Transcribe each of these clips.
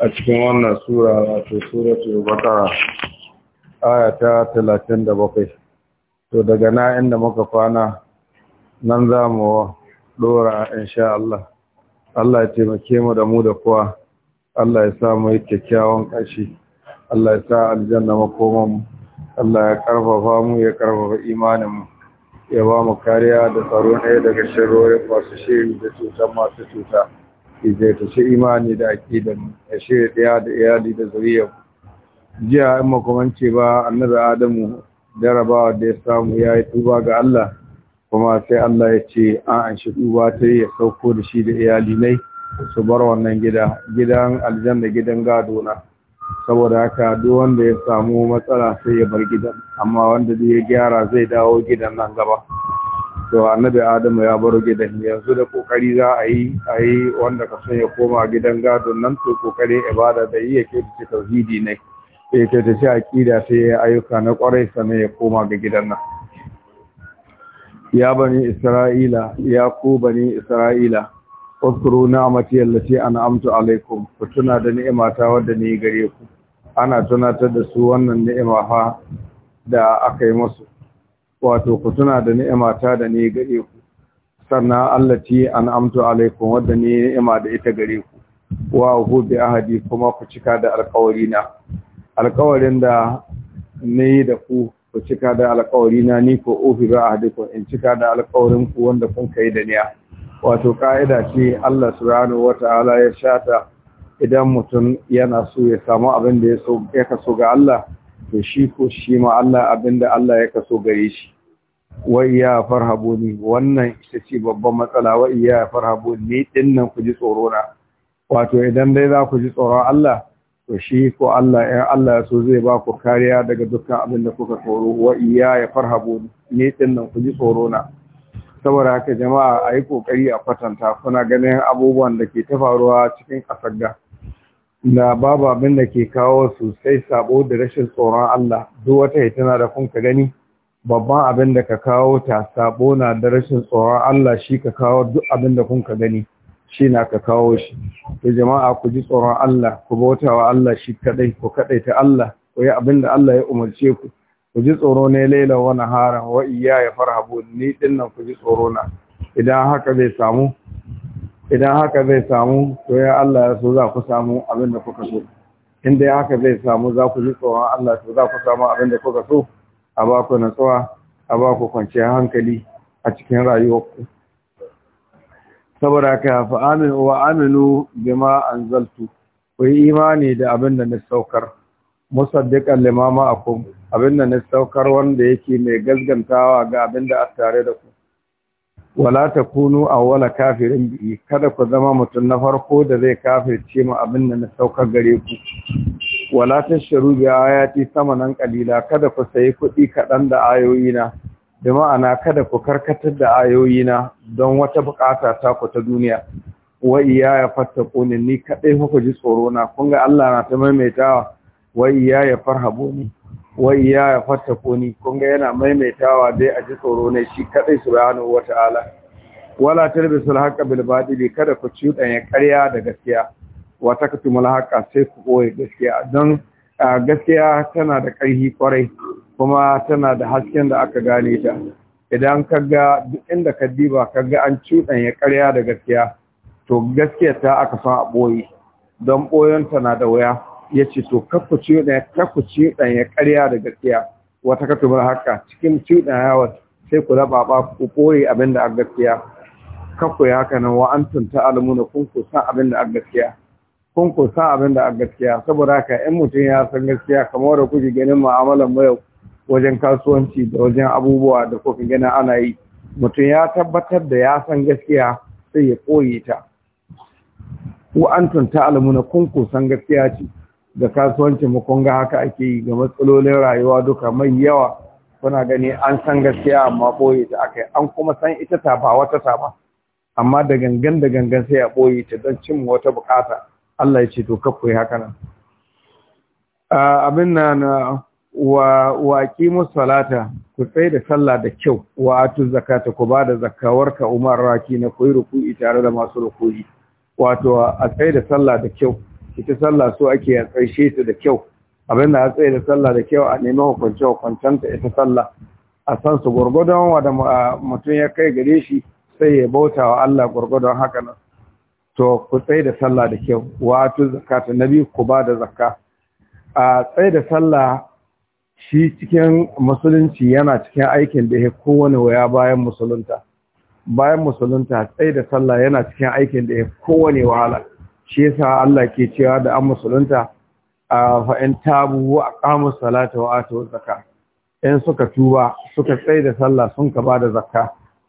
a cikin wannan sura wato suratul aya ta talatin da bakwai to daga na inda muka kwana nan za mu dora sha Allah Allah ya taimake mu da mu da kowa Allah ya sa mu kyakkyawan ƙashi Allah ya sa aljanna makoman Allah ya karfafa mu ya karfafa imaninmu. mu ya ba mu kariya da tsaro ne daga shirorin masu shiri da cuta masu cuta ke ta shi imani da ake da ya shirya ɗaya da iyali da zuriyar jiya in makamanci ba annabi adamu jarabawa da ya samu ya yi tuba ga Allah kuma sai Allah ya ce an an shi tuba ta ya sauko da shi da iyali nai su bar wannan gida gidan aljanna gidan gadona. saboda haka duk wanda ya samu matsala sai ya bar gidan amma wanda zai gyara zai dawo gidan nan gaba to annabi adamu ya bar gidan yanzu da kokari za a yi a yi wanda ka son ya koma gidan gadon nan to kokari ibada da yi ya kyautace tauhidi ne ya kyautace aƙida sai ya ayyuka na kwarai sannan ya koma ga gidan nan ya bani isra'ila ya bani isra'ila Uskuru na lati an amtu alaikum ku tuna da ni'ima ta wadda ni gare ku ana tunatar da su wannan ni'ima fa da aka yi musu wato ku tuna da ni'ima ta da ni gare ku sannan allati amtu alaikum wadda ni ni'ima da ita gare ku wa hu bi ahadi kuma ku cika da alƙawari na alƙawarin da ni da ku ku cika da alƙawari na ni ko ufi bi ku in cika da alƙawarin ku wanda kun kai da niya wato ka'ida ce Allah subhanahu wata'ala ya shata idan mutum yana so ya samu abin da ya kaso ga Allah to shi ko shi ma Allah abin da Allah ya kaso gare shi wa iya farhabuni wannan ita ce babban matsala wa iya farhabuni din nan ku ji tsoro na wato idan dai za ku ji tsoron Allah to shi ko Allah ya Allah so zai ba ku kariya daga dukkan abin da kuka tsoro wa iya ya farhabu ne din nan ku ji tsoro na saboda haka jama'a a yi kokari a kwatanta kuna ganin abubuwan da ke ta faruwa cikin ƙasar ga da babu abin da ke kawo sosai sabo da rashin tsoron Allah duk wata tana da kun ka gani babban abin da ka kawo ta sabo na da rashin tsoron Allah shi ka kawo duk abin da kun ka gani shi na ka kawo shi to jama'a ku ji tsoron Allah ku bauta wa Allah shi kadai ku kadai ta Allah ku yi abin da Allah ya umarce ku ku ji tsoro ne laila wa nahara wa iyaya farhabu ni dinnan ku ji tsoro na idan haka zai samu idan haka zai samu to ya Allah ya so za ku samu abin da kuka so in dai haka zai samu za ku ji tsoron Allah to za ku samu abin da kuka so a ba ku natsuwa a ba ku kwanciyar hankali a cikin rayuwarku saboda ka fa amin wa aminu bima anzaltu ku yi imani da abin da na saukar musaddiqan limama akum abinda na saukar wanda yake mai gazgantawa ga abinda a tare da ku wala ta kunu takunu awwala kafirin bi kada ku zama mutum na farko da zai kafirce mu abinda na saukar gare ku wala tashru bi ayati samanan kalila kada ku sayi kuɗi kaɗan da ayoyina da ma'ana kada ku karkatar da ayoyina don wata bukata ta ku ta duniya wa iya iyaya fattaquni ni kadai kuka ji tsoro na kun ga Allah na ta maimaitawa wa iya iyaya farhabuni wai ya ya fata ni kun ga yana maimaitawa dai a ji tsoro ne shi kadai subhanahu ala? wala tarbisul haqqa bil batili kada ku ya ƙarya da gaskiya wa taktumul haqqa sai ku koyi gaskiya don gaskiya tana da ƙarfi kwarai kuma tana da hasken da aka gane ta idan ka ga duk inda ka diba ka ga an ya ƙarya da gaskiya to gaskiya ta aka san a ɓoye don ɓoyonta na da wuya ya ce to kakku cuɗan ya ƙarya da gaskiya wata katubar haka cikin cuɗan yawa sai ku raba ba ku kore abin da a gaskiya kakku ya haka nan wa an tunta alamuna kun ku san abin da a gaskiya kun ku san abin da a gaskiya saboda haka in mutum ya san gaskiya kamar da kuke ganin mu'amalar mu yau wajen kasuwanci da wajen abubuwa da kuka gana ana yi mutum ya tabbatar da ya san gaskiya sai ya koye ta wa an tunta alamuna kun ku san gaskiya ce Da kasuwanci, mu kun ga haka ake yi ga matsalolin rayuwa duka mai yawa kuna gani an san gaskiya amma ɓoye ta akai an kuma san ita ta ba wata ta ba amma da gangan da gangan sai a ɓoye ta don cin wata bukata Allah ya ce to kakku yi haka nan abin nan wa wa salata ku tsaye da sallah da kyau wa atu zakata ku ba da ka umar raki na koyi ruku'i tare da masu ruku'i wato a tsaye da sallah da kyau ita sallah so ake a tsaishe ta da kyau abin da tsaye da sallah da kyau a nemi hukunce hukuncen ta ita sallah a san su gurgudun wanda mutum ya kai gare shi sai ya bauta wa Allah gwargwadon haka nan to ku tsaye da sallah da kyau wato na biyu ku ba da zakka a tsaye da sallah shi cikin musulunci yana cikin aikin da ya kowane waya bayan musulunta bayan musulunta tsaye da sallah yana cikin aikin da ya kowane wahala shi yasa Allah ke cewa da an musulunta a fa’in tabu a aqamu salata wa atu zaka. in suka tuba suka tsaye da sallah sun ka ba da zaka.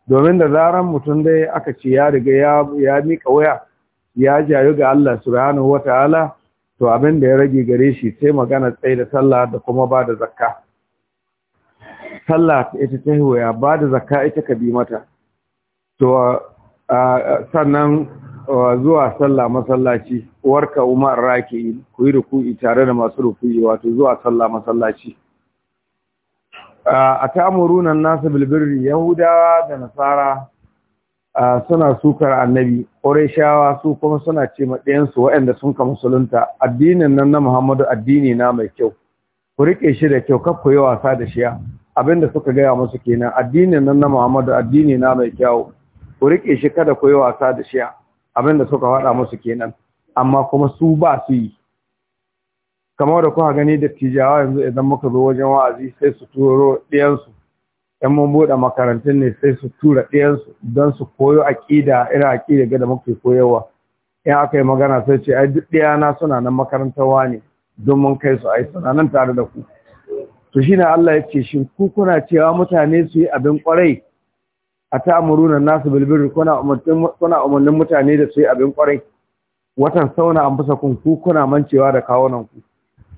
domin da zaran mutum dai aka ce ya riga ya miƙa mika waya ya jayu ga Allah su wata ala, to abin da ya rage gare shi sai magana tsaye da sallah da kuma ba da zaka. sallah ita ta hiwaya da zaka ita ka bi mata to sannan zuwa sallah masallaci warka umar raki ku yi ruku'i tare da masu ruku'i wato zuwa sallah masallaci a ta'amuruna nasu bilbirri Yahuda da nasara suna sukar annabi ƙorishawa su kuma suna ce su waɗanda sun ka musulunta addinin nan na muhammadu addini na mai kyau ku riƙe shi da kyau ku yi wasa da shiya abinda suka gaya musu kenan addinin nan na muhammadu addini na mai kyau ku riƙe shi kada ku yi wasa da shiya abin da suka wada musu kenan amma kuma su ba su yi kamar da kuka gani da tijawa yanzu idan muka zo wajen wa'azi sai su turo ɗiyansu yan mun buɗe makarantun ne sai su tura ɗiyansu don su koyo aƙida irin aƙida da muke koyarwa in aka yi magana sai ce ai duk na suna nan makarantarwa ne don mun kai su ai suna nan tare da ku to shine Allah ya ce shin ku kuna cewa mutane su yi abin ƙwarai a ta'amuruna nasu bilbiri kuna umarnin mutane da su yi abin kwarai watan sauna an fusa kun ku kuna mancewa da kawunan ku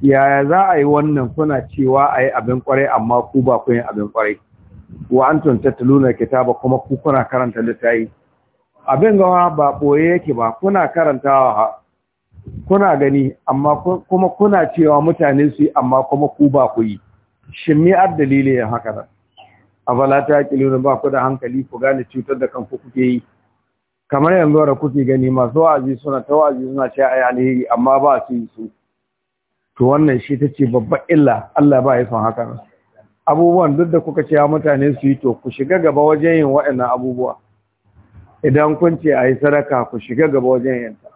yaya za a yi wannan kuna cewa a yi abin kwarai amma ku ba ku yin abin kwarai wa antum kita kitaba kuma ku kuna karanta littafi abin gawa ba boye yake ba kuna karantawa kuna gani amma kuma kuna cewa mutane su yi amma kuma ku ba ku yi shin me dalilin haka nan afala ta kiluna ba ku da hankali ku gane cutar da kanku kuke yi kamar yanzu da kuke gani masu wa'azi suna ta wa'azi suna ce ai alheri amma ba su yi su to wannan shi ta ce babban illa Allah ba ya son haka abubuwan duk da kuka ce mutane su yi to ku shiga gaba wajen yin waɗannan abubuwa idan kun ce a yi sadaka ku shiga gaba wajen yinta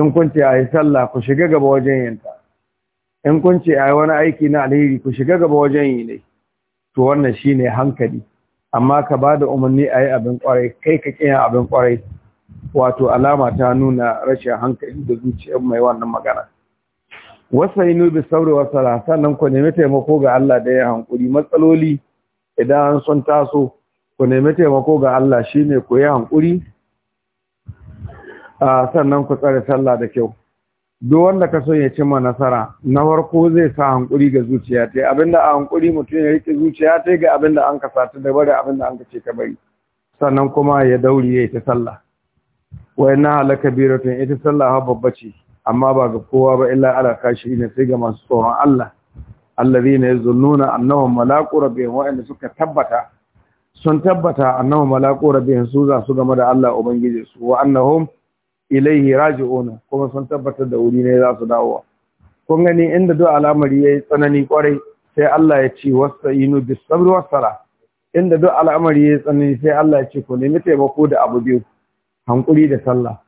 in kun ce a yi sallah ku shiga gaba wajen yinta in kun ce a yi wani aiki na alheri ku shiga gaba wajen yi ne to wannan shine hankali amma ka ba da umarni a yi abin kwarai kai ka kiyan abin kwarai wato alama ta nuna rashin hankali da zuciyar mai wannan magana wasu yi bi sauri wasu sannan ku nemi taimako ga Allah da ya hankuri matsaloli idan sun taso ku nemi taimako ga Allah shine ku yi hankuri sannan ku tsare sallah da kyau duk wanda ka son ya cimma nasara na farko zai sa hankuri ga zuciya ta abinda a hankuri mutum ya rike zuciya ta ga abinda an ka sati da bari abinda an ka ce ka bari sannan kuma ya dauri ya yi ta sallah wai na halaka biratun ita sallah ha babba ce amma ba ga kowa ba illa ala kashi ne sai ga masu tsoron Allah ne ya yazunnuna annawan malaqu rabbihim wa'anda suka tabbata sun tabbata annawan malaqu rabbihim su za su game da Allah ubangiji su wa annahum ilaihi raji'una kuma sun tabbatar da wuri ne za su dawowa kun gani inda duk al'amari yayi tsanani kwarai sai Allah ya ce wasta'inu bis sabri was sala inda duk al'amari yayi tsanani sai Allah ya ce ku nemi taimako da abu biyu hankuri da sallah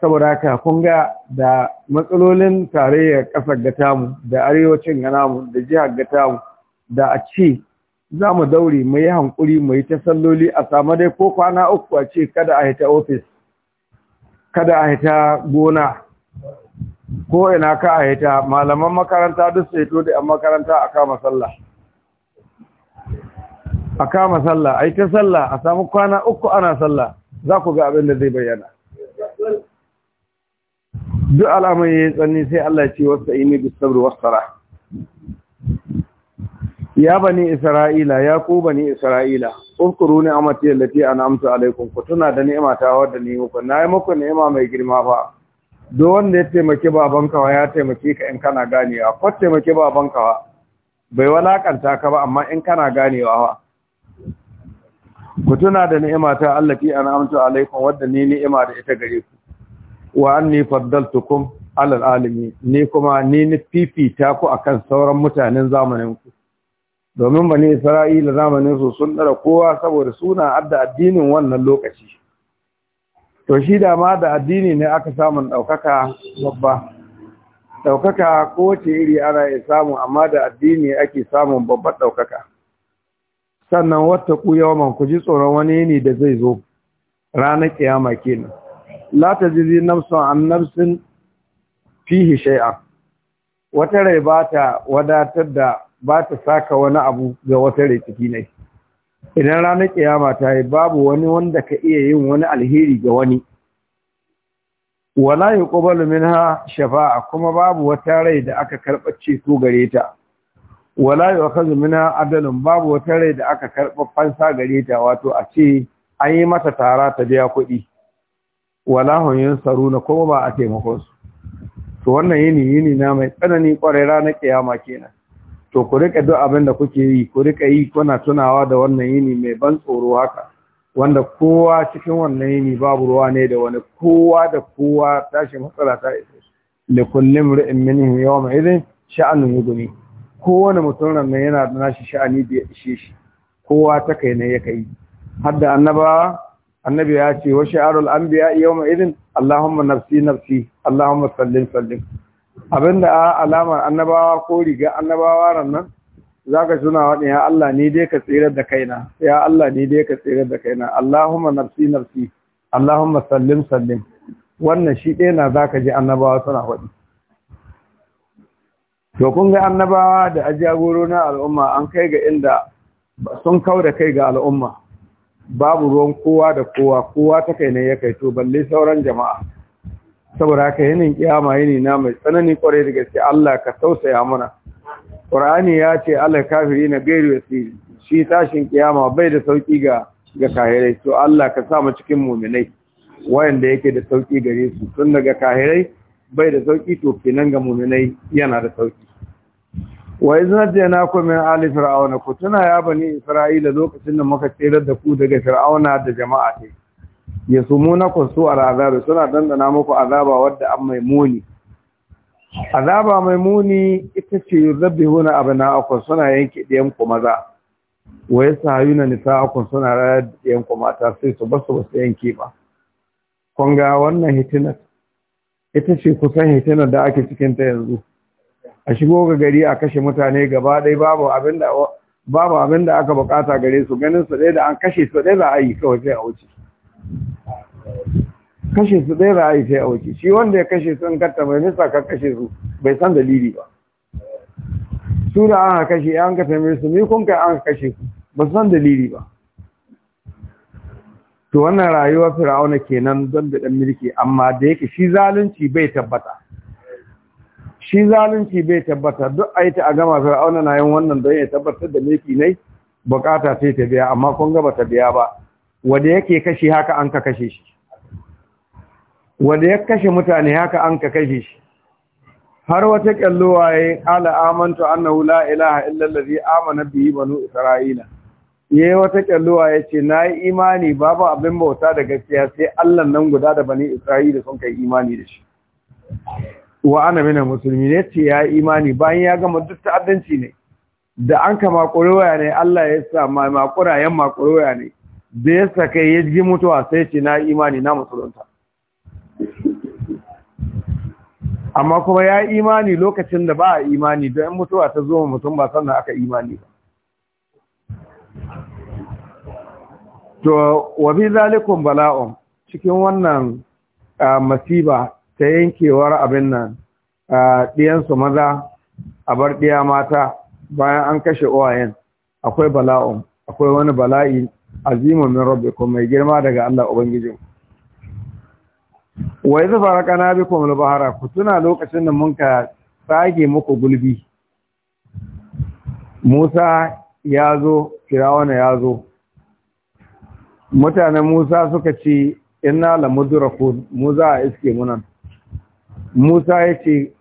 saboda haka kun ga da matsalolin tarayyar kasar gatamu da arewacin ganamu da jihar gatamu da a ce za mu daure mu yi hankuri mu yi ta a samu dai ko kwana uku a ce kada a yi ta ofis kada a hita gona ko ina ka a hita malaman makaranta duk sai to da makaranta a kama sallah a kama sallah a yi ta sallah a samu kwana uku ana sallah za ku ga abin da zai bayyana duk alamun ya yi tsanni sai Allah ce wasu aini bisabir wasara ya bani isra'ila ya ku bani isra'ila uzkuru ni'amati allati an'amtu alaikum ku tuna da ni'ima ta wadda ni muku nayi muku ni'ima mai girma fa Do wanda ya taimaki baban wa ya taimake ka in kana ganewa ko taimaki baban wa bai walakanta ka ba amma in kana ganewa wa ku tuna da ni'ima ta allati an'amtu alaikum wadda ni ni'ima da ita gare ku wa anni faddaltukum alal alimi. ni kuma ni ni fifita ku akan sauran mutanen zamanin ku domin bani isra'ila zamanin su sun dara kowa saboda suna adda addinin wannan lokaci to shi da ma da addini ne aka samun ɗaukaka babba ɗaukaka ce iri ana iya samu amma da addini ake samun babbar ɗaukaka sannan wata ku yawan ku ji tsoron wani ne da zai zo ranar kiyama kenan la ta jizi nafsun an nafsin fihi shay'a wata rai ba ta wadatar da ba ta saka wani abu ga wata rikiki ne idan ranar ƙiyama ta yi babu wani wanda ka iya yin wani alheri ga wani wala yuqbalu minha shafa'a kuma babu wata rai da aka karba ceto gare ta wala yu'khadhu minha adalun babu wata rai da aka karba fansa gare ta wato a ce an yi mata tara ta biya kuɗi wala hum yansaruna kuma ba a taimakon su to wannan yini yini na mai tsanani kwarai ranar kiyama kenan to ku rika duk abin da kuke yi ku rika yi kuna tunawa da wannan yini mai ban tsoro haka wanda kowa cikin wannan yini babu ruwa ne da wani kowa da kowa tashi matsala ta isa da kullum ri'in yawa mai idin sha'anin yuguni kowane mutum nan yana da nashi sha'ani da ya ishe shi kowa ta kai ne ya kai har da annaba annabi ya ce wa sha'arul anbiya yawma idin allahumma nafsi nafsi allahumma sallin sallin. abinda a alamar annabawa ko riga annabawa rannan za ka tuna waɗin ya Allah ni dai ka tsere da kaina ya Allah ni dai ka tsere da kaina Allahumma nafsi nafsi Allahumma sallim sallim wannan shi ɗaya na za ka ji annabawa suna waɗi to kun ga annabawa da ajagoro na al'umma an kai ga inda sun kau da kai ga al'umma babu ruwan kowa da kowa kowa ta kai ne ya kai to balle sauran jama'a saboda haka yanin kiyama yini na mai tsanani kwarai da gaske Allah ka tausaya mana Qur'ani ya ce Allah kafiri na gairu yasiri shi tashin kiyama bai da sauki ga ga kahirai to Allah ka sa mu cikin mu'minai wayanda yake da sauki gare su tun daga kahirai bai da sauki to kenan ga mu'minai yana da sauki wa yana ku min ali fir'auna ku tuna ya bani isra'ila lokacin da muka tsere da ku daga fir'auna da jama'a ta ya sumu na kwasu al'azabi suna dandana muku azaba wadda an mai muni azaba mai muni ita ce zabi huna abu na akwai suna yanke ɗiyanku maza waye su hayu na nisa akwai suna rayar ɗiyanku mata sai su basu basu yanke ba Kunga wannan hitinar ita ce kusan hitinar da ake cikin ta yanzu a shigo ga gari a kashe mutane gaba ɗaya babu abin da babu abin da aka bukata gare su ganin su ɗaya da an kashe su ɗaya za a yi kawai sai a wuce kashe su ɗaya za a yi sai a wuce shi wanda ya kashe su in katta mai nisa ka kashe su bai san dalili ba su da an kashe an ka tambaye su ni kun kai an kashe su ba san dalili ba to wannan rayuwar fir'auna kenan don da dan mulki amma da yake shi zalunci bai tabbata shi zalunci bai tabbata duk a yi ta a gama fir'auna na yin wannan don ya tabbatar da mulki ne bukata sai ta biya amma kun gaba ta biya ba wanda yake kashi haka an ka kashe shi wanda ya kashe mutane haka an ka kashe shi har wata kalluwa yayi ala amantu annahu la ilaha illa allazi amana bihi banu isra'ila yayi wata kalluwa ce nayi imani babu abin bauta da gaskiya sai Allah nan guda da bani isra'ila sun kai imani da shi wa ana mina musulmi ne ce ya imani bayan ya gama duk ta'addanci ne da an ka makuruwa ne Allah ya sa ma makura yan ne da ya saka ya ji mutuwa sai ce na imani na musulunta amma kuma ya imani lokacin da ba a imani don mutuwa ta zo mutum ba sannan aka imani ba to wa bi bala'un cikin wannan masiba ta yankewar abin nan ɗiyansu maza a bar ɗiya mata bayan an kashe uwayen akwai bala'un akwai wani bala'i azimun min ko mai girma daga Allah ubangijin wa idza faraqana bikum al Ku tuna lokacin da mun ka tsage muku gulbi Musa ya zo Firawana ya zo mutanen Musa suka ce inna lamudrakun Musa iske munan Musa yace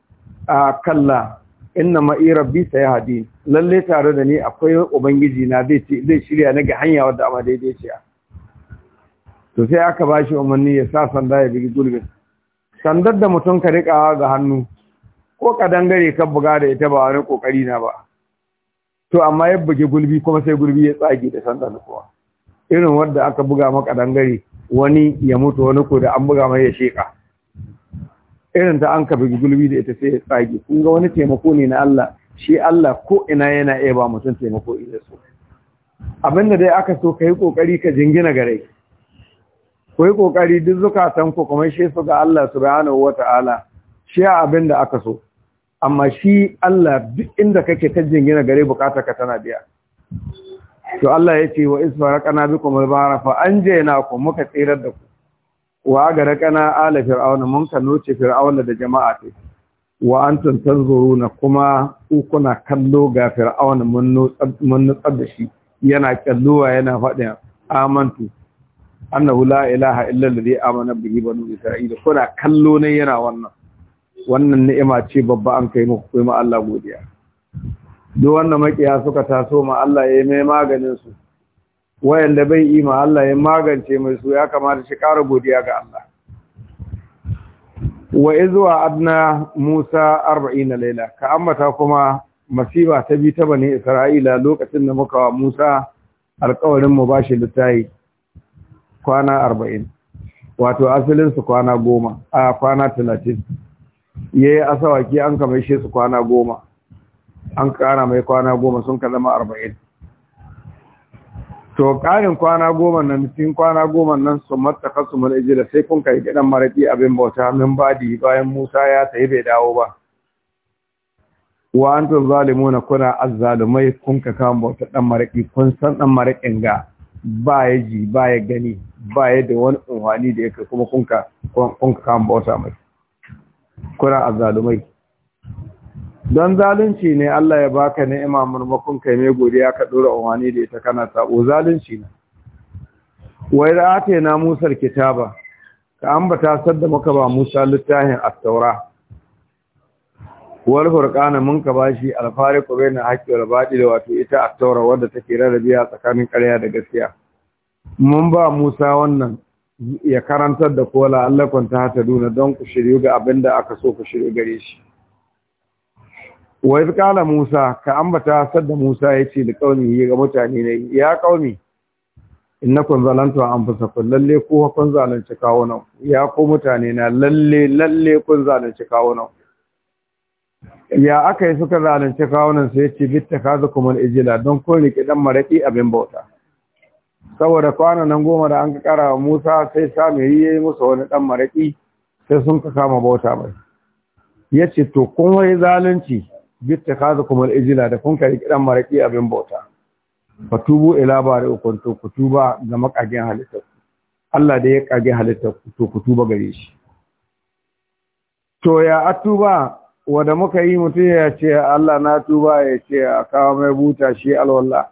a kalla inna ma'i rabbi sayahdi lalle tare da ni akwai ubangiji na zai zai shirya na ga hanya wadda amma daidai ce to sai aka bashi umarni ya sa sanda ya bigi gulbin sandar da mutum ka rikawa ga hannu ko ka dangare ka buga da ita ba wani kokari na ba to amma ya bugi gulbi kuma sai gulbi ya tsage da sandar kowa irin wanda aka buga maka dangare wani ya mutu wani ko da an buga mai ya sheka irin ta an ka bi gulbi da ita sai ya tsage kun ga wani taimako ne na Allah shi Allah ko ina yana iya ba mutum taimako ina so Abin da dai aka so ka yi kokari ka jingina gare ku yi kokari duk zukatan ku kuma shi su ga Allah subhanahu wata'ala shi abin da aka so amma shi Allah duk inda kake ta jingina gare bukata ka tana biya to Allah ya ce wa isfara kana bikum albara fa anjaynakum muka tsirar da ku wa gara kana ala fir'auna mun ka noce fir'auna da jama'a ce. wa antum tanzuruna kuma ku kuna kallo ga fir'auna mun nutsar da shi yana kalluwa yana fadin amantu annahu la ilaha illa alladhi amana bihi banu isra'ila kuna kallo ne yana wannan wannan ni'ima ce babba an kai muku kuma Allah godiya duk wanda makiya suka taso ma Allah ya yi mai maganin su wayanda bai yi ma Allah ya magance mai su ya kamata shi ƙara godiya ga Allah wa izwa adna Musa 40 laila ka ambata kuma masiba ta bi ta bani Isra'ila lokacin da muka wa Musa alƙawarin mu bashi littafi kwana 40 wato asalin su kwana 10 a kwana 30 yayi asawaki an kamar shi su kwana 10 an ƙara mai kwana 10 sun ka zama 40 to ƙarin kwana goma nan cikin kwana goma nan su mattaka su da sai kun kai gidan maraƙi abin bauta min badi bayan musa ya tafi bai dawo ba wa an zalimu na kuna azzalumai kun ka kawo bauta ɗan maraƙi kun san ɗan maraƙin ga ba ya ji ba ya gani ba ya da wani unhani da yake kuma kun ka kawo bauta mai kuna azzalumai don zalunci ne Allah ya baka ni'ima murmukun kai mai godiya ka dora umarni da ita kana sabo zalunci ne wai da ake na musar kitaba ka ambata sadda muka ba musa littafin attaura taura wal furqana mun ka bashi al-fariqu baina haqqi wal batil wato ita attaura taura take take a tsakanin ƙarya da gaskiya mun ba musa wannan ya karantar da kola Allah kwanta ta duna don ku shiryu ga abin da aka so ku shiryu gare shi wa iz qala musa ka ambata sadda musa yace da kaumi ga mutane ne ya kauni innakum zalantu anfusakum lalle ku kun zalunci kawunan ya ku mutane na lalle lalle kun zalunci kawunan ya aka yi suka zalunci kawunan su yace bittakazukum al-ijla don kun rike dan maraki abin bauta saboda kwana nan goma da an kara wa Musa sai Samiri yi musu wani dan maraki sai sun ka kama bauta mai yace to kun wai zalunci bitta ka kaza kuma ijila da kun kari kidan maraki abin bauta Fatubu tubu ila bari ukun to ku tuba ga makagen halittar Allah da ya kage halittar ku to ku tuba gare shi to ya atuba wanda muka yi mutum ya ce Allah na tuba ya ce a kawo mai buta shi alwala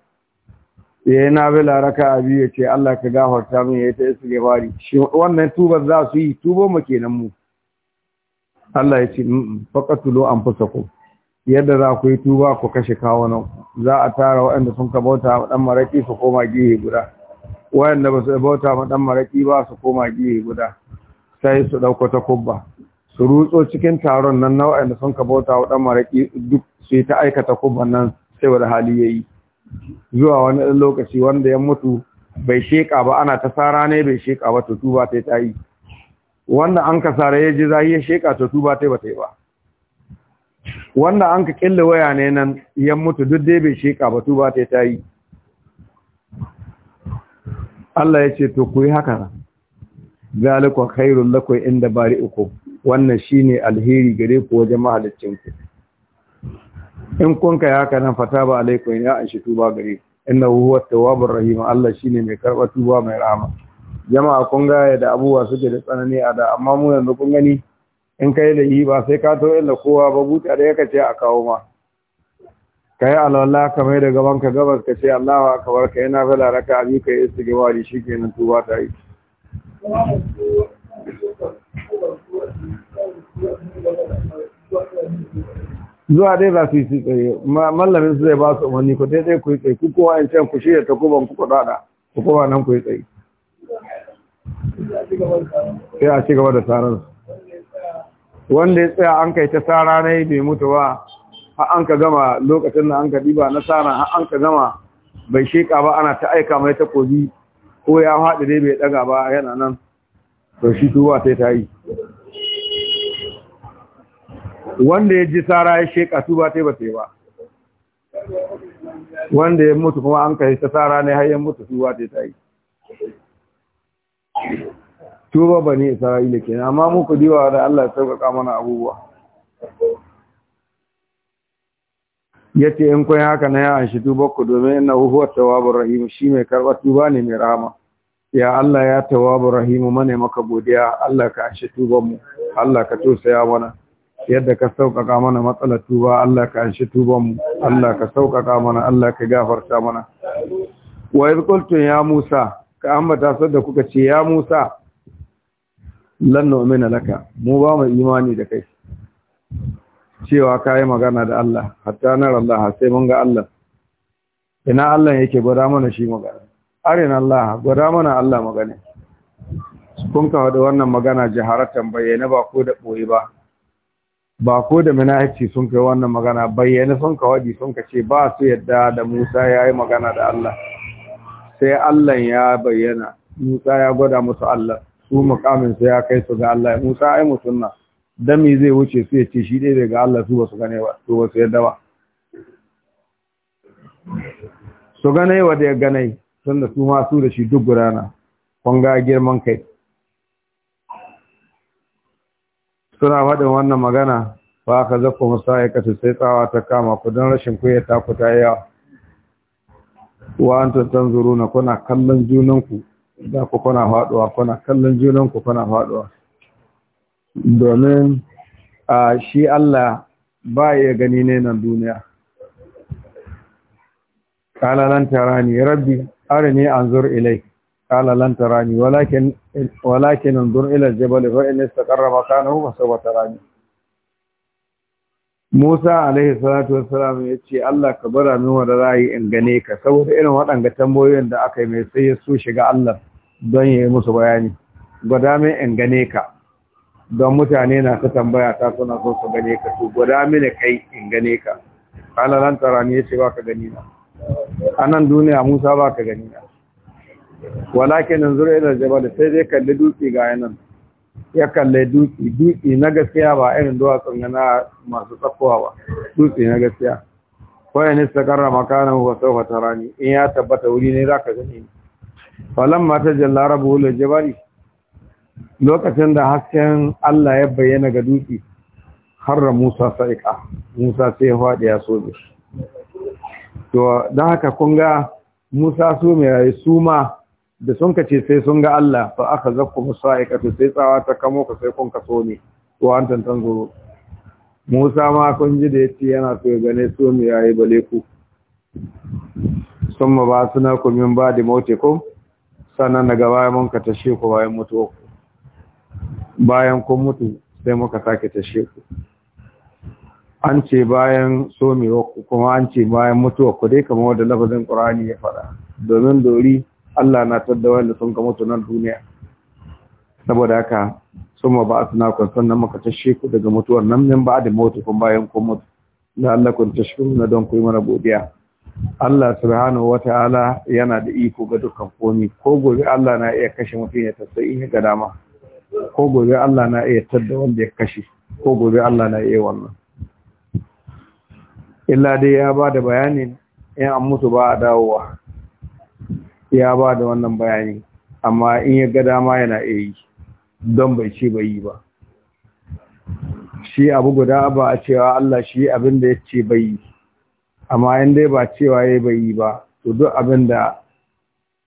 ya na yi nabila raka abi ya ce Allah ka gafarta min ya ta isa gabari shi wannan tubar za su yi tubo mu kenan mu Allah ya ce faqatulu anfusakum yadda za ku yi tuba ku kashe kawunan za a tara waɗanda sun ka bauta ma ɗan maraƙi su koma gihe guda waɗanda ba su bauta ma ɗan maraƙi ba su koma gihe guda sai su ɗauko ta kubba su rutso cikin taron nan na waɗanda sun ka bauta ma ɗan maraƙi duk su yi ta aikata kubban nan sai wani hali ya yi zuwa wani ɗan lokaci wanda ya mutu bai sheƙa ba ana ta sara ne bai sheƙa ba to tuba ta yi wanda an ka sara ya ji za ya sheƙa to tuba ta yi ba ta yi ba Wanda an ka killa waya ne nan yan mutu duk dai bai sheka ba tuba ta ta yi Allah ya ce to ku yi haka zalikun khairun lakum inda bari'ukum wannan shine alheri gare ku wajen mahalicin ku in kun ka haka nan fataba alaikum ya an shi tuba gare ku huwa tawwabur rahim Allah shine mai karba tuba mai rahama jama'a kun ga da abubuwa suke da tsanani a da amma mu yanzu kun gani in ka yi lahi ba sai ka to inda kowa ba buta da ka ce a kawo ma ka yi alwallah ka mai da gaban ka gabas ka ce allahu akabar ka yi na fila raka abi ka yi istigimari shi ke nan tuba ta yi zuwa dai ba su yi tsaye mallamin su zai ba su umarni ku dai ku yi tsaye ku kowa in can ku shirya ta kuban ku kudada ku kowa nan ku yi tsaye sai a ci gaba da tsaransu wanda ya tsaya an kai ta sara ne bai mutu ba har an ka gama lokacin da an ka diba na sara har an ka gama bai sheka ba ana ta aika mai takobi ko ya haɗu dai bai ɗaga ba yana nan to shi tuwa sai ta yi wanda ya ji sara ya sheka tuba sai ba sai ba wanda ya mutu kuma an kai ta sara ne har ya mutu su sai ta yi tuba bane isra'ila ke, amma muku diwa da Allah ya sauƙaƙa mana abubuwa Ya ce in kun haka na ya shi tuba ku domin ina huhuwa tawwabur rahimu, shi mai karɓar tuba ne mai rama. ya Allah ya tawabar rahimu mane maka godiya Allah ka anshi tuban mu Allah ka tosaya mana yadda ka sauƙaƙa mana matsalar tuba Allah ka anshi tuban mu Allah ka sauƙaƙa mana Allah ka gafarta mana wa iz qultum ya Musa ka ambata sadda kuka ce ya Musa lan nu'mina laka mu ba mu imani da kai cewa kai magana da Allah hatta nar Allah sai mun ga Allah ina Allah yake gwada mana shi magana na Allah gwada mana Allah magana kun ka da wannan magana jaharatan bayyana ba ko da ɓoye ba ba ko da minahici sun kai wannan magana bayyana sun ka wadi sun ka ce ba su yadda da musa ya yi magana da allah sai allah ya bayyana musa ya gwada musu allah su makamin ya kai su ga Allah Musa ai musunna dan zai wuce su ya ce shi dai daga Allah su ba su gane ba to ba yadda ba su gane wa da ya gane sun su ma su da shi duk gurana kun girman kai suna faɗin wannan magana ba ka zafi musa ya kasu sai tsawa ta kama ku don rashin ya ta ku ta yawa wa an tattan na kuna kallon junanku za ku kuna faɗuwa kuna kallon junanku kuna faɗuwa domin a shi Allah ba ya gani ne nan duniya kala lan tarani rabbi arini anzur ilayk قال walakin تراني ولكن ولكن انظر الى الجبل فان استقر مكانه فسوف تراني Musa alaihi salatu wassalam ya ce Allah ka bara min wa rayi in gane ka saboda irin waɗanga tambayoyin da aka yi mai sai ya so shiga Allah don ya yi musu bayani gwada min in gane ka don mutane na ta tambaya ta suna so su gane ka to gwada mini kai in gane ka alalan tara ne ya ce ba ka gani na a nan duniya musa ba ka gani na walakin yanzu zura ilar jabal sai zai kalli dutse ga yanan ya kalli dutse dutse na gaskiya ba irin duwatsun gana masu tsakowa ba dutse na gaskiya kwaye ne su karra makanan wasu wata rani in ya tabbata wuri ne za ka gani falamma tajalla rabbuhu lil jabali lokacin da hasken Allah ya bayyana ga dutse harra Musa sa'ika. Musa sai ya faɗi ya so shi to dan haka kun ga Musa so mai yi suma da sun kace sai sun ga Allah fa aka zakku sa'iqa to sai tsawa ta kamo ka sai kun ka so ne to an tantan zuru Musa ma kun ji da yace yana so ya gane so mai yayi bale ku summa ba suna ku min ba da mautekum sannan daga baya mun ka tashe ku bayan mutuwa ku bayan kun mutu sai muka sake tashe ku an ce bayan somewa ku kuma an ce bayan mutuwa ku dai kamar wanda lafazin Qur'ani ya faɗa domin dori Allah na tadda wanda sun ka mutu nan duniya saboda haka sun ba asna kun sannan muka tashe ku daga mutuwar nan min ba da mutu kun bayan kun mutu la Allah kun tashkuruna don ku yi mana godiya Allah subhanahu wata'ala yana da iko ga dukkan komi ko gobe Allah na iya kashe mutum ya tasa in ga dama ko gobe Allah na iya tadda wanda ya kashe ko gobe Allah na iya wannan illa dai ya ba da bayanin in an mutu ba a dawowa ya ba da wannan bayani amma in ya ga dama yana iya yi don bai ce bai yi ba shi abu guda ba a cewa Allah shi abin da ya ce bai yi amma in dai ba cewa ya bai yi ba to duk abin da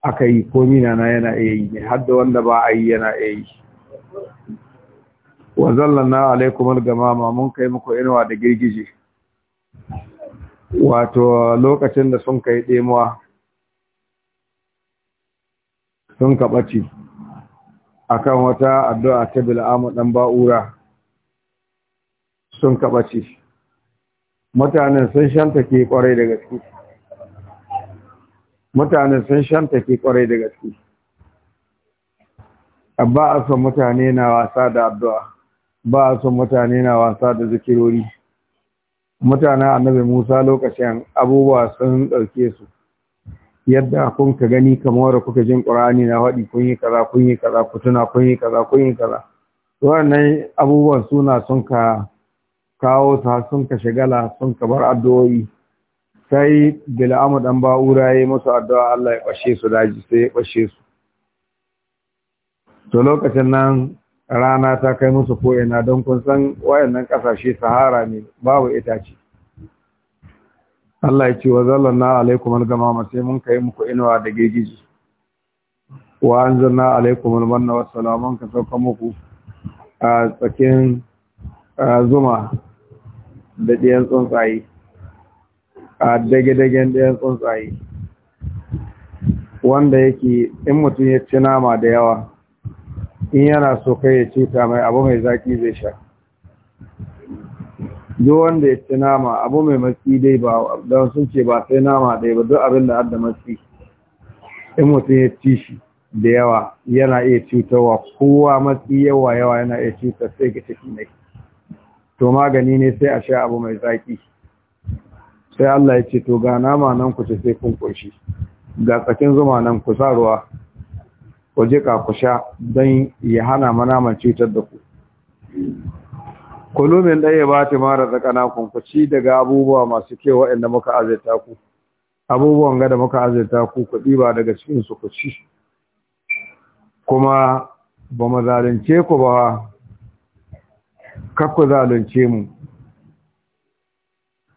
aka yi ko mina na yana iya yi ne har da wanda ba a yi yana iya yi wa na alaikum ma mun kai muku inuwa da girgije wato lokacin da sun kai demuwa sun A kan wata addu'a ta bil'amu ɗan ba'ura sun kabaci mutanen sun shantake kwarai da gaske mutanen sun shantake kwarai da gaske ba a son mutane na wasa da addu'a ba a son mutane na wasa da zikirori mutanen annabi musa lokacin abubuwa sun ɗauke su yadda kun ka gani kamar kuka jin ƙur'ani na faɗi kun yi kaza kun yi kaza ku tuna kun yi kaza kun yi kaza wannan abubuwan suna sun ka kawo su har sun ka shagala sun ka bar addu'o'i sai bil'amu dan ba'ura yayi musu addu'a Allah ya kwashe su daji sai ya kwashe su to lokacin nan rana ta kai musu ko ina don kun san wayannan kasashe sahara ne babu itace Allah ya ce wa na alaikum al-gamama sai mun kai muku inuwa da gegiji wa anzalna alaikum al-manna wa salaman ka sauka muku a tsakin zuma da ɗiyan tsuntsaye a dage-dagen ɗayan tsuntsaye wanda yake in mutum ya ci nama da yawa in yana so kai ya cuta mai abu mai zaki zai sha duk wanda ya ci nama abu mai matsi dai ba don sun ce ba sai nama da ba duk abin da adda matsi in mutum ya ci shi da yawa yana iya cutarwa kowa matsi yawa yawa yana iya cutar sai ga ciki mai to magani ne sai a sha abu mai zaki sai Allah ya ce to ga nama nan ku ce sai kun koshi ga tsakin zuma nan ku sa ruwa ku ka ku sha don ya hana manaman cutar da ku kulumin ɗaya ba ta mara tsakanakun ku daga abubuwa masu kyau waɗanda muka azaita ku abubuwan ga muka azaita ku ku ɗiba daga cikinsu ku ci kuma ba mu zalunce ku ba kakku zalunce mu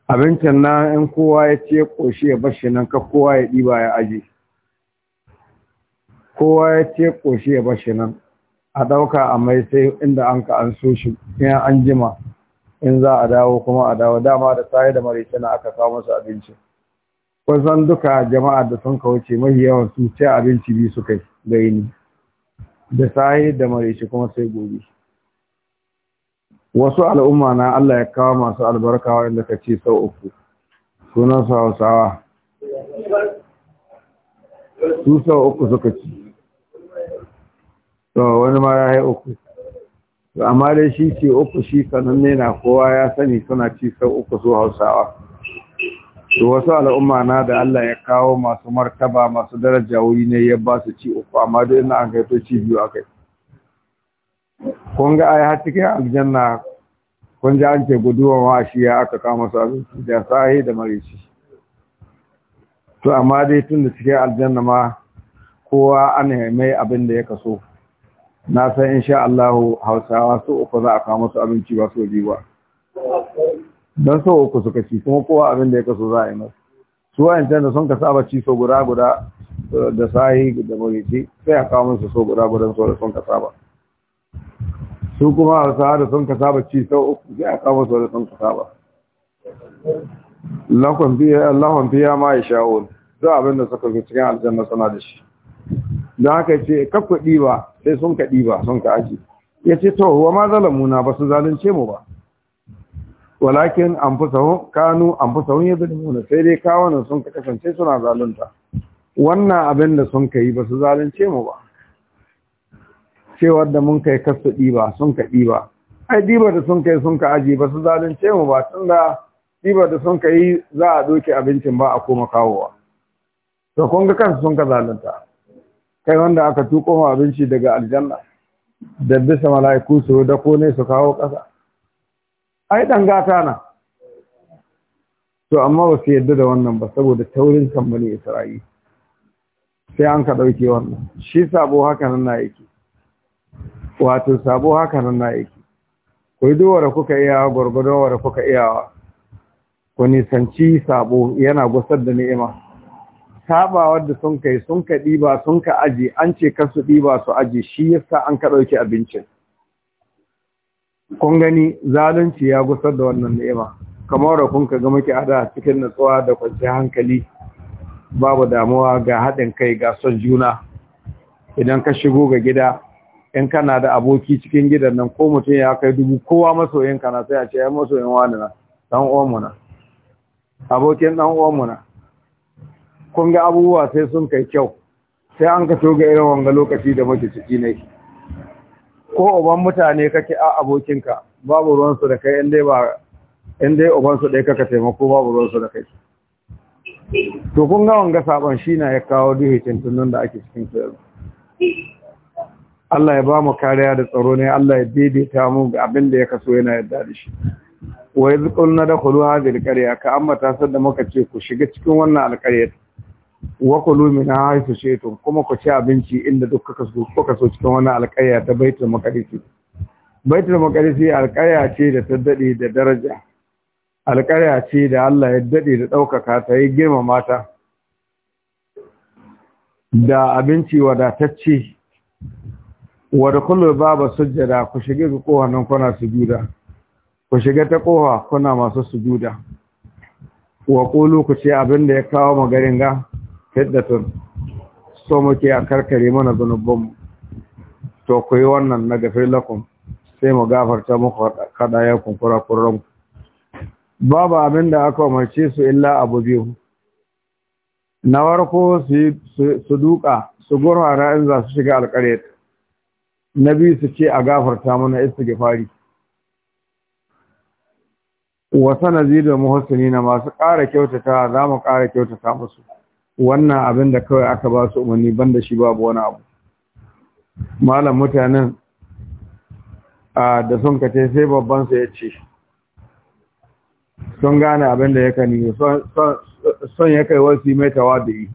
abincin na in kowa ya ce ƙoshi ya bashi nan ka kowa ya ɗiba ya aji kowa ya ce ƙoshi ya bashi nan a ɗauka a mai sai inda an ka an so shi in an jima in za a dawo kuma a dawo dama da tsaye da maraice na aka kawo musu abinci kusan duka jama'a da sun kauce mafi yawan su ce abinci biyu suka yi da da sahi da maraice kuma sai gobe wasu al'umma na Allah ya kawo masu albarka wanda ka ce sau uku sunan hausawa su sau uku suka ci to wani ma ya yi uku amma dai shi ce uku shi kananne na kowa ya sani suna ci sau uku su hausawa to wasu al'umma na da Allah ya kawo masu martaba masu daraja wuri ne ya ba su ci uku amma duk ina an gaito ci biyu akai kun ga ai har cikin aljanna kun ji an ce guduwan washi ya aka kama su abinci da sahi da marici to amma dai tun da cikin aljanna ma kowa an mai abin da ya kaso na san insha Allahu Hausawa su uku za a kama su abinci ba su ji ba don so uku suka ci kuma kowa abin da ya kaso za a yi masa su wayancan da sun ka saba ci so guda guda eh, da sahi da marici sai a kawo musu so guda guda so da sun ka saba su kuma sa da sun kasaba ci sau uku sai a kama su da sun kasaba lahun fiya ma ya sha'un abin abinda suka zo cikin aljanna suna da shi da haka ce kakku ɗiba sai sun ka ɗiba sun ka aji ya ce to wa ma zalamuna ba su zalunce mu ba walakin an fusahun kanu an sahun ya zalimuna sai dai kawanan sun ka kasance suna zalunta wannan abin da sun ka yi ba su zalunce mu ba cewar da mun kai kasu ɗiba sun ka ɗiba ai ɗiba da sun kai sun ka aji ba su zalunce mu ba tun da ɗiba da sun ka yi za a doke abincin ba a koma kawowa to kun ga kansu sun ka zalunta kai wanda aka tuko ma abinci daga aljanna da bisa mala'iku su da ko ne su kawo ƙasa ai ɗan gata na to amma ba su yarda da wannan ba saboda taurin kan bani sai an ka ɗauke wannan shi sabo haka nan na yake wato sabo haka nan na yake ku yi dowara kuka iyawa gwargwadowar kuka iyawa ku nisanci sabo yana gusar da ni'ima saba da sun kai sun ka ɗiba sun ka aji an ce su ɗiba su aji shi yasa an ka ɗauki abincin kun gani zalunci ya gusar da wannan ni'ima kamar da kun ka ga muke ada cikin natsuwa da kwanciyar hankali babu damuwa ga haɗin kai ga son juna idan ka shigo ga gida in kana da aboki cikin gidan nan ko mutum ya kai dubu kowa masoyin kana sai a ce ya masoyin wani na dan uwanmu na abokin dan mu na kun ga abubuwa sai sun kai kyau sai an ka ga irin wanga lokaci da muke ciki ne ko uban mutane kake a abokinka babu ruwansu da kai in dai ba in dai ubansu ɗaya kaka taimako babu ruwansu da kai to kun ga wanga saban shi na ya kawo duhu tuntunan da ake cikin su yanzu Allah ya ba mu kariya da tsaro ne Allah ya daidaita mu ga abin da ya kaso yana yadda da shi wa iz qulna dakhulu hadhihi alqarya ka amma ta da muka ce ku shiga cikin wannan alqarya wa kulu min haythu shaytum kuma ku ci abinci inda duk kuka so ku kaso cikin wannan alqarya ta baitul maqdis baitul maqdis alqarya ce da ta dade da daraja alqarya ce da Allah ya dade da daukaka ta yi girmama mata da abinci wadatacce wa kullum ba baba sujjada ku shiga ga kowa nan kuna sujuda ku shiga ta kowa kuna masu sujuda wa qulu ku ce abin da ya kawo magarin garin ga fiddatun so muke a karkare mana zanubban to ku yi wannan na gafi lakon sai mu gafarta muku kada ya kunkura kurran babu abin da aka umarce su illa abu biyu na warko su duka su gurhara in za su shiga alƙaryar na biyu su ce a gafarta mana istighfari wa sanazidu muhsinina masu ƙara kyautata za mu ƙara kyautata musu wannan abin da kawai aka ba su umarni banda shi babu wani abu malam mutanen da sun kace sai babban su ya ce sun gane abin da ya kani son ya kai wasu mai tawadi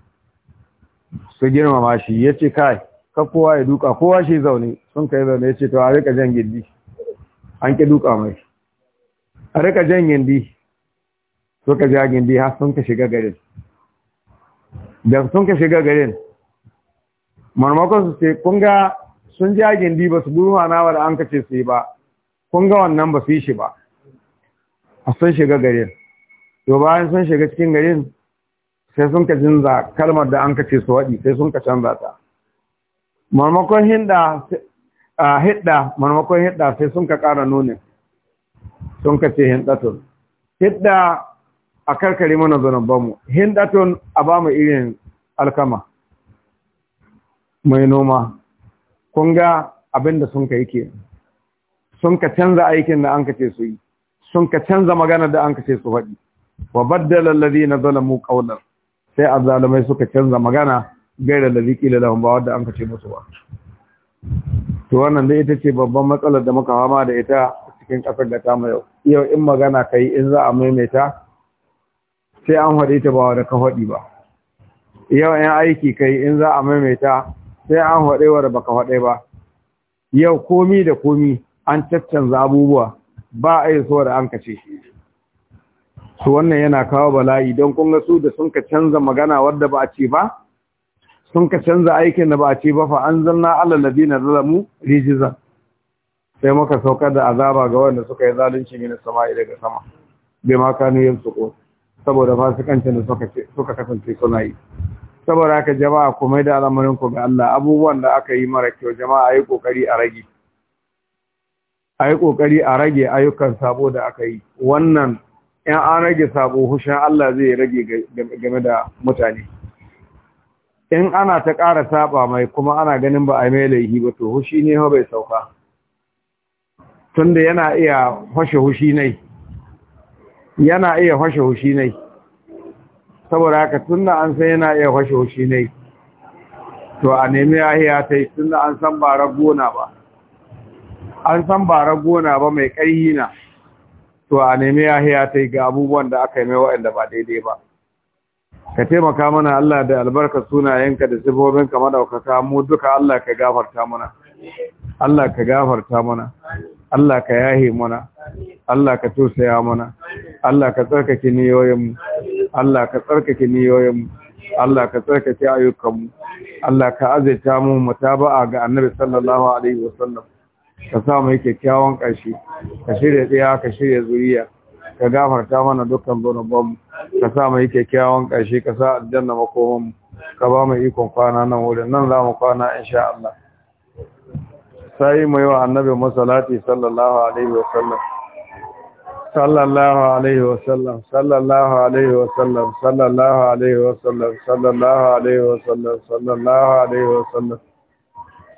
su girmama shi ya ce kai ka kowa ya duka kowa shi zaune sun kai zaune ya ce to a rika jan gindi an ki duka mai a rika jan gindi suka ja gindi har sun ka shiga garin da sun ka shiga garin marmakon su ce kun ga sun ja gindi ba su duba na wanda an kace su yi ba kun ga wannan ba su yi shi ba a sun shiga garin to bayan sun shiga cikin garin sai sun ka jinza kalmar da an kace su waɗi sai sun ka canza ta marmakon hinda a hidda marmakon hidda sai sun ka ƙara nunin sun ka ce hindatun hidda a karkare mana zanabbanmu hindatun a ba mu irin alkama mai noma kun ga abin da sun ka yi ke sun ka canza aikin da an ka ce su yi sun ka canza magana da an ka ce su faɗi wa baddala na zalamu ƙaunar sai zalamai suka canza magana gaira da zai da lahun ba wadda an kace musu ba to wannan dai ita ce babban matsalar da muka fama da ita cikin ƙasar da ta yau yau in magana ka yi in za a maimaita sai an haɗe ta ba da ka haɗi ba yau in aiki ka yi in za a maimaita sai an haɗe wa da ba ka haɗe ba yau komi da komi an caccanza abubuwa ba a yi so da an kace su wannan yana kawo bala'i don kun ga su da sun ka canza magana wadda ba a ce ba sun ka canza aikin da ba a ce ba fa an zanna Allah ala ladina zalamu rijiza sai muka saukar da azaba ga wanda suka yi zalunci min sama'i daga sama bai ma kanu yin suko saboda kanta da suka kasance suna yi saboda haka jama'a kuma da al'amarin ku ga Allah abubuwan da aka yi mara kyau jama'a ayi kokari a rage ayi kokari a rage ayyukan sabo da aka yi wannan in an rage sabo hushin Allah zai rage game da mutane in ana ta ƙara saba mai kuma ana ganin ba a mai laihi ba to hushi ne bai sauka tunda yana iya fashe hushi ne yana iya fashe hushi ne saboda haka tunda an san yana iya fashe hushi ne to a nemi yahiya ta yi tunda an san ba ragona ba an san ba ragona ba mai ƙarhi na to a nemi yahiya ta yi ga abubuwan da aka yi mai waɗanda ba daidai ba ka taimaka mana Allah da albarka sunayenka da sifofin ka madaukaka mu duka Allah ka gafarta mana Allah ka gafarta mana Allah ka yahe mana Allah ka tosaya mana Allah ka tsarkake niyoyinmu Allah ka tsarkake niyoyinmu Allah ka tsarkake ayyukanmu Allah ka azaita mu mutaba'a ga Annabi sallallahu alaihi wasallam ka sa mu kyakkyawan ƙarshe ka shirya tsiya ka shirya zuriya ka gafarta mana dukkan zunuban ka sa mai kyakkyawan ƙarshe ka sa aljanna makomin ka ba mu ikon kwana nan wurin nan za mu kwana insha Allah sai mai yi wa annabi masalati sallallahu alaihi wa sallam sallallahu alaihi wa sallam sallallahu alaihi wa sallam sallallahu alaihi wa sallam sallallahu alaihi wa sallam sallallahu alaihi wa sallam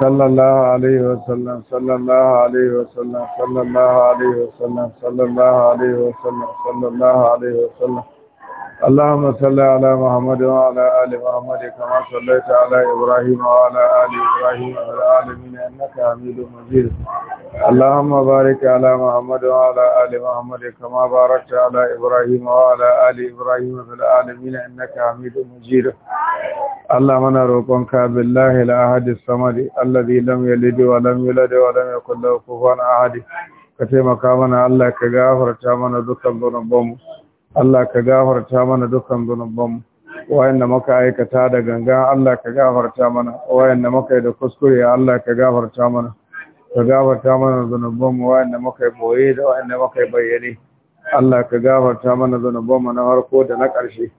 صلى الله عليه وسلم صلى الله عليه وسلم صلى الله عليه وسلم صلى الله عليه وسلم صلى الله عليه وسلم اللهم صل على محمد وعلى ال محمد كما صليت على ابراهيم وعلى ال ابراهيم في العالمين انك حميد مجيد اللهم بارك على محمد وعلى آل محمد كما باركت على إبراهيم وعلى آل إبراهيم في العالمين إنك حميد مجيد اللهم نروقك بالله الأحد الصمد الذي لم يلد ولم يولد ولم يكن له كفوا أحد كتمك منا الله كغفرت منا دكان ذنوبنا الله كغفرت منا دكان ذنوبنا wayanda muka aikata da ganga Allah ka gafarta mana wayanda muka yi da kuskure Allah ka gafarta mana ka gafarta mana zunubanmu wa'anda muka yi boye da wa'anda muka yi bayyane Allah ka gafarta mana zunubanmu na farko da na ƙarshe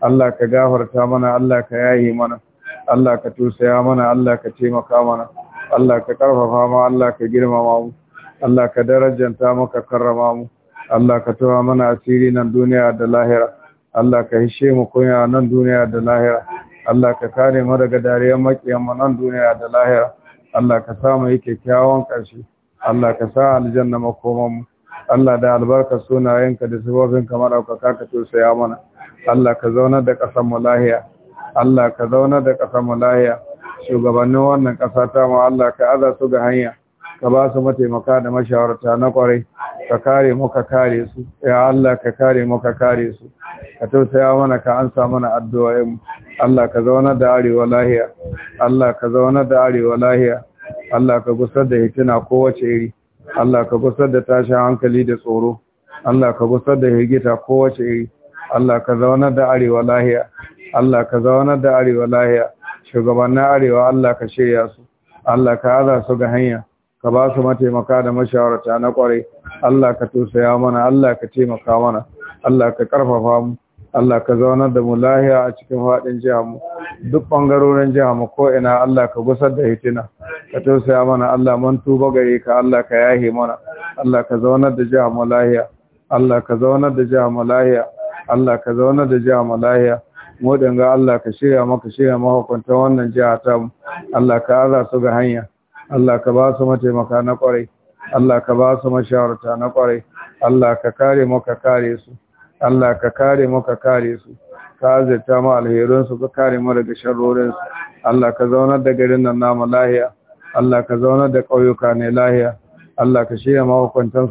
Allah ka gafarta mana Allah ka yayi mana Allah ka tusaya mana Allah ka taimaka mana Allah ka karfafa mu Allah ka girmama mu Allah ka darajanta mu ka karrama mu Allah ka tawa mana asiri nan duniya da lahira Allah ka hishe mu kunya nan duniya da lahira Allah ka kare mu daga dariyar makiyan mu nan duniya da lahira Allah ka sa mu yi kyakkyawan ƙarshe Allah ka sa aljanna makoman mu Allah da albarka sunayenka da sabobin kamar aukaka ka ya mana Allah ka zaunar da ƙasar mu lahiya Allah ka zaunar da ƙasar mu lahiya shugabannin wannan ƙasa ta mu Allah ka aza su ga hanya ka ba su mataimaka da mashawarta na kwarai ka kare mu ka kare su ya Allah ka kare mu ka kare su ka tausaya mana ka ansa mana addu'o'in mu Allah ka zauna da arewa lahiya Allah ka zauna da arewa lahiya Allah ka gusar da hitina kowace iri Allah ka gusar da tashin hankali da tsoro Allah ka gusar da hirgita kowace iri Allah ka zauna da arewa lahiya Allah ka zauna da arewa lahiya shugabannin arewa Allah ka shirya su Allah ka haza su ga hanya ka ba su mataimaka da mashawarta na kwarai Allah ka tusaya mana Allah ka taimaka mana Allah ka karfafa mu Allah ka zaunar da mu lahiya a cikin faɗin jiha mu duk ɓangarorin jiha mu ko ina Allah ka gusar da hitina ka tausaya mana Allah mun tuba gari ka Allah ka yahi mana Allah ka zaunar da jiha mu lahiya Allah ka zaunar da jiha mu lahiya Allah ka zaunar da jiha mu lahiya mu danga Allah ka shirya maka shirya mahukunta wannan jiha ta mu Allah ka aza su ga hanya Allah ka ba su mataimaka na kwarai Allah ka ba su mashawarta na kwarai Allah ka kare mu ka kare su Allah ka kare mu ka kare su ka zata mu alherin su ka kare mu daga sharrorin su Allah ka zaunar da garin nan namu lahiya Allah ka zaunar da ƙauyuka ne lahiya Allah ka shirya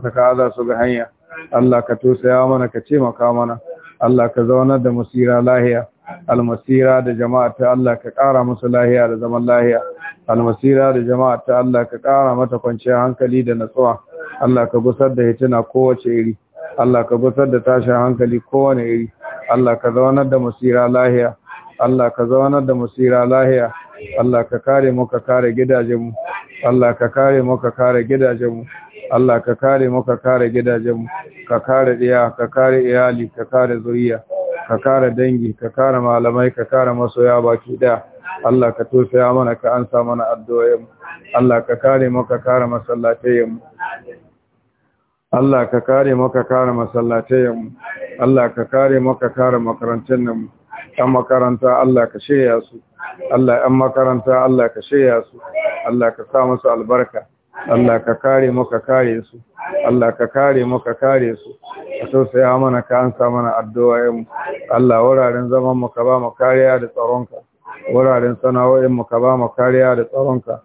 sa ka aza su ga hanya Allah ka tosaya mana ka ce maka mana Allah ka zaunar da musira lahiya almasira da jama'a ta Allah ka kara musu lahiya da zaman lahiya almasira da jama'a ta Allah ka kara mata kwanciyar hankali da natsuwa Allah ka gusar da hitina kowace iri Allah ka gusar da tashin hankali kowane iri Allah ka zaunar da masira lahiya Allah ka zaunar da masira lahiya Allah ka kare mu ka kare gidajenmu Allah ka kare mu ka kare gidajenmu Allah ka kare mu ka kare gidajenmu ka kare diya ka kare iyali ka kare zuriya ka kare dangi ka kare malamai ka kare masoya baki ɗaya. Allah ka tofiya mana ka ansa mana addu'o'in Allah ka kare mu ka kare masallatayen Allah ka kare maka kare masallatayenmu Allah ka kare maka kare makarantunanmu ɗan makaranta Allah ka shirya su Allah ɗan makaranta Allah ka shirya su Allah ka sa musu albarka Allah ka kare maka kare su Allah ka kare maka kare su ka tausaya mana ka an ansa mana addu'o'in Allah wuraren zaman mu ka ba mu kariya da tsaronka wuraren sana'o'in mu ka ba mu kariya da tsaronka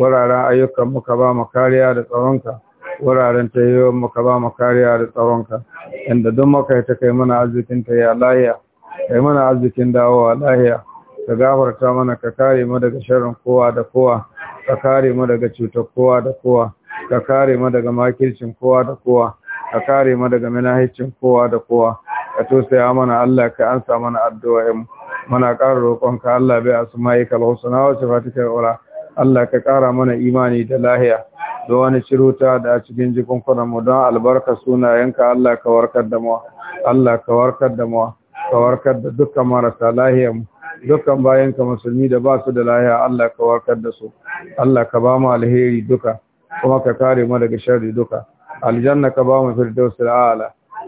wuraren ayyukan mu ka ba mu kariya da tsaronka wuraren ta yi muka ba mu kariya da tsaronka inda duk muka yi ta kai mana arzikin ta ya lahiya kai mana arzikin dawowa lahiya ka gafarta mana ka kare mu daga sharrin kowa da kowa ka kare mu daga cutar kowa da kowa ka kare mu daga makircin kowa da kowa ka kare mu daga minahicin kowa da kowa ka tosaya mana Allah ka ansa mana addu'a mu muna ƙara roƙonka Allah bai asma'ika al-husna wa sifatika al-ula Allah ka ƙara mana imani da lahiya da wani ciruta da a cikin jikunkunanmu don albarka sunayenka Allah ka warkar da mu Allah ka warkar da mu ka warkar da dukkan marasa lahiyarmu dukkan bayanka musulmi da ba su da lahiya Allah ka warkar da su Allah ka ba mu alheri duka kuma ka kare mu daga sharri duka aljanna ka ba mu firdausul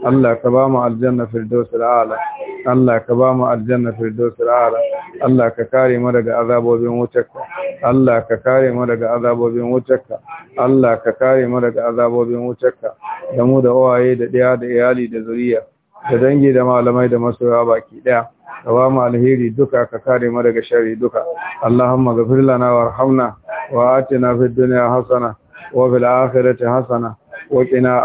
Allah ka ba mu aljanna firdausul a'la Allah ka ba mu aljanna firdausul a'la Allah ka kare mu daga azabobin wutarka Allah ka kare mu daga azabobin wutarka Allah ka kare mu daga azabobin wutarka da mu da uwaye da ɗaya da iyali da zuriya da dangi da malamai da masoya baki ɗaya ka ba mu alheri duka ka kare mu daga sharri duka Allahumma ghfir lana warhamna wa atina fid dunya hasana wa fil akhirati hasana wa qina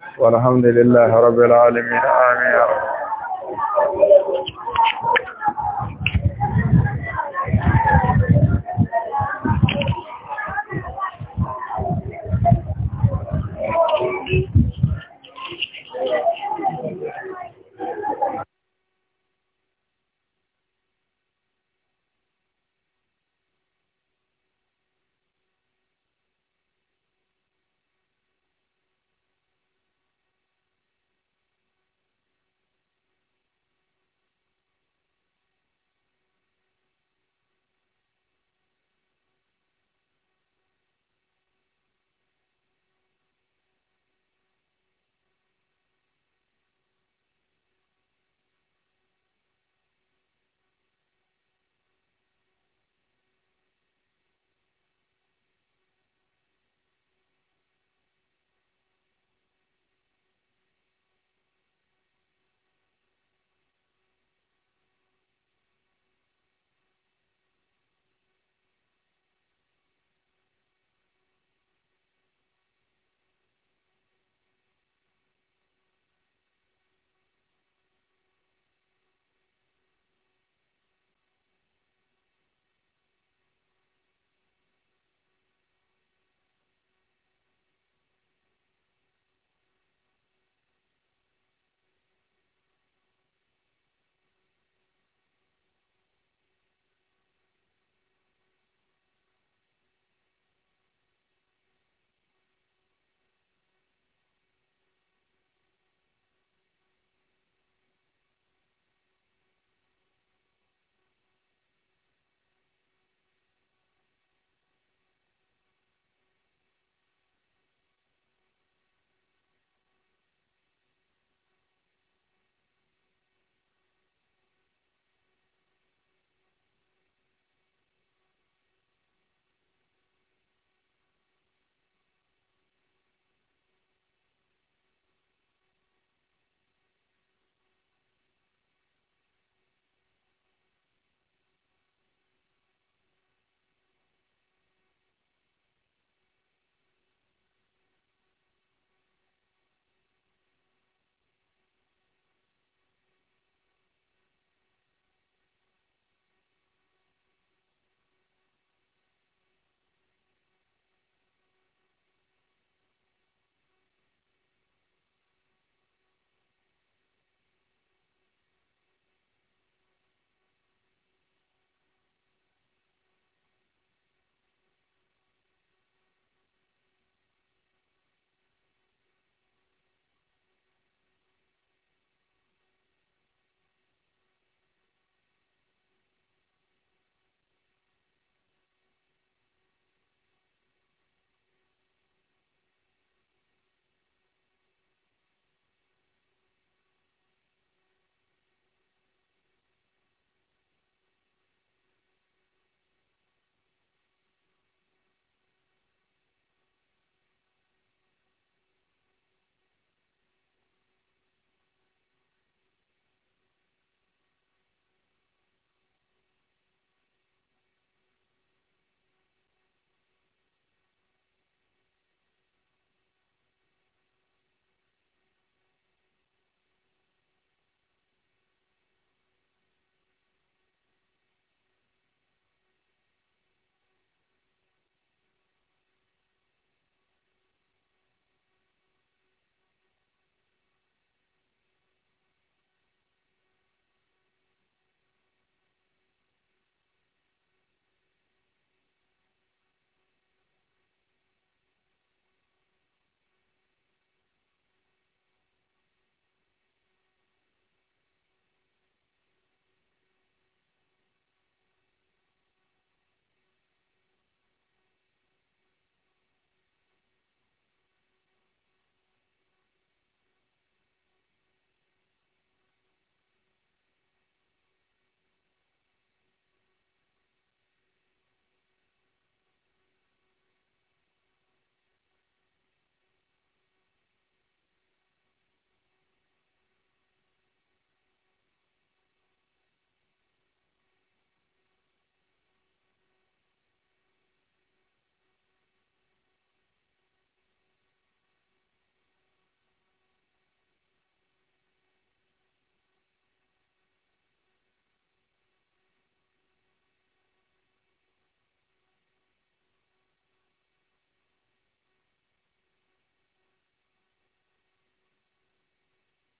والحمد لله رب العالمين آمين